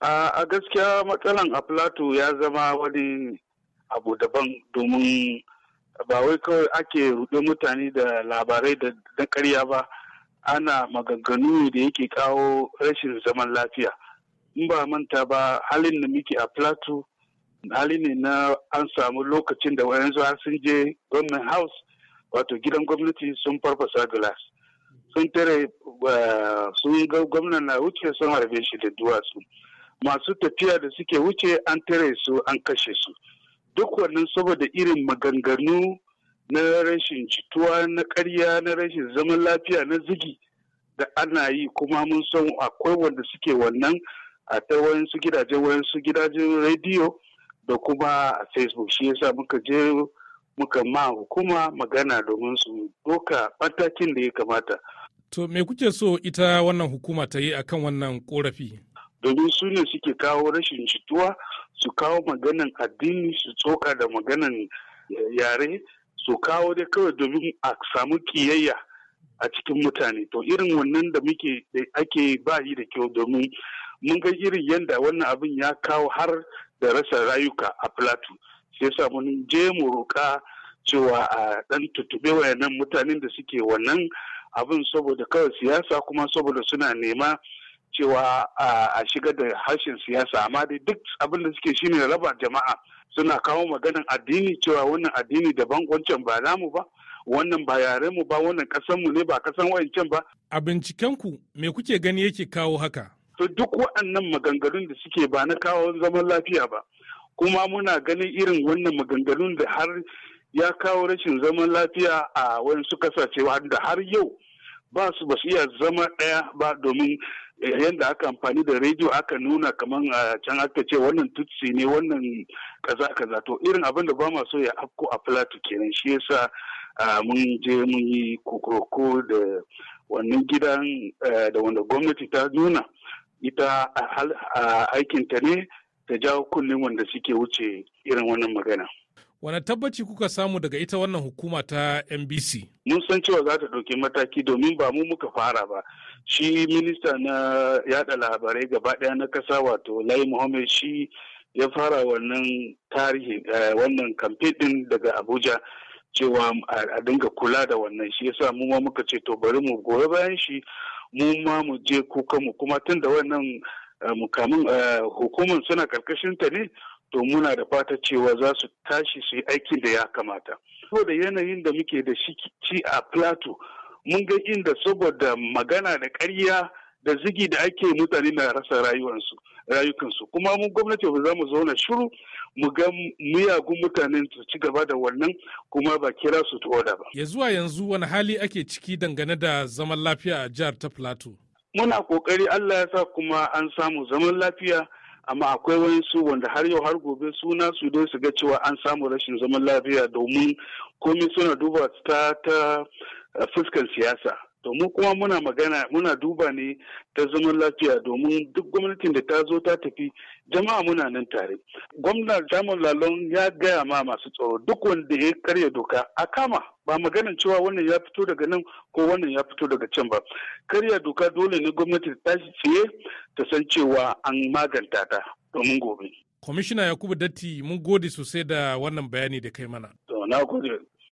A gaskiya matsalan a Plato ya zama wani abu daban domin ba wai kawai ake ruɗe mutane da labarai da karya ba ana maganganu da yake kawo rashin zaman lafiya in ba manta ba halin da muke a plateau hali ne na an samu lokacin da wayansu zuwa sun je gwamnan house wato gidan gwamnati sun farfasa glass sun tare eh, sun ga gwamnan na wuce sun harbe shi da duwatsu masu tafiya da suke wuce an tare su an kashe su duk wannan saboda irin maganganu na rashin cituwa na karya na rashin zaman lafiya na zigi da ana yi kuma mun san akwai wanda suke wannan a ta wayansu gidaje wayansu gidajen rediyo da kuma a facebook shi yasa muka je muka ma hukuma magana domin su doka matakin da ya kamata to me kuke so ita wannan hukuma ta yi akan wannan korafi domin su ne suke kawo rashin jituwa su kawo maganan addini su tsoka da maganan eh, yare su kawo dai kawai domin a samu kiyayya a cikin mutane to irin wannan da muke ake yi da kyau domin mun ga irin yadda wannan abin ya kawo har da rasa rayuka a plateau sai sa mun je mu roƙa cewa a ɗan tutube wayannan mutanen da suke wannan abin saboda kawai siyasa kuma saboda suna nema cewa a shigar da harshen siyasa amma dai duk abin da suke shine raba jama'a suna kawo maganin addini cewa wannan addini daban wancan ba namu ba wannan ba yare mu ba wannan kasan mu ne ba kasan wayancan ba a binciken ku me kuke gani yake kawo haka to duk waɗannan maganganun da suke ba na kawo zaman lafiya ba kuma muna ganin irin wannan maganganun da har ya kawo rashin zaman lafiya a wayansu kasashe har da har yau ba su ba iya zama ɗaya ba domin eh, yadda aka amfani da rediyo aka nuna kamar a can aka ce wannan tutsi ne wannan kaza kaza to irin abin da ba ma so ya afko a filatu kenan shi yasa mun je mun yi kokoroko da wannan gidan eh, da wanda gwamnati ta nuna ita aikinta ne ta jawo kunnen wanda suke wuce irin wannan magana. Wane tabbaci kuka samu daga ita wannan hukuma ta MBC? Mun san cewa za ta ɗauki mataki domin ba mu muka fara ba. Shi minista na yada labarai gaba ɗaya na kasa wato Lai Muhammad shi ya fara wannan tarihi eh, wannan kamfe ɗin daga Abuja cewa a dinga kula da wannan shi yasa mu ma muka ce to bari mu gobe bayan shi mu ma mu je kuka mu kuma tun da wannan eh, mukamin eh, hukumar suna karkashin ta ne to muna da fata cewa za su tashi su yi aikin da ya kamata. Saboda yanayin da muke da shi a Plateau mun ga inda saboda magana da karya da zigi da ake mutane na rasa rayukansu kuma mun gwamnati ba za mu zauna shiru mu ga miyagun mutanen su ci gaba da wannan kuma ba kira su tuwoda ba. Ya zuwa yanzu wani hali ake ciki dangane da zaman lafiya a jihar ta Plateau. Muna kokari Allah ya sa kuma an samu zaman lafiya amma akwai wayansu wanda har yau har gobe suna su dai su ga cewa an samu rashin zaman lafiya domin komi suna duba ta ta eh, fuskan siyasa to mu kuma muna magana muna duba ne ta zaman lafiya domin duk gwamnatin da ta zo ta tafi jama'a muna nan tare gwamna jamus lalon ya gaya ma masu tsaro duk wanda ya karya doka a kama ba maganin cewa wannan ya fito daga nan ko wannan ya fito daga can ba karya doka dole ne gwamnati ta tashi tsaye ta san cewa an maganta ta domin gobe kwamishina yakubu datti mun gode sosai da wannan bayani da kai mana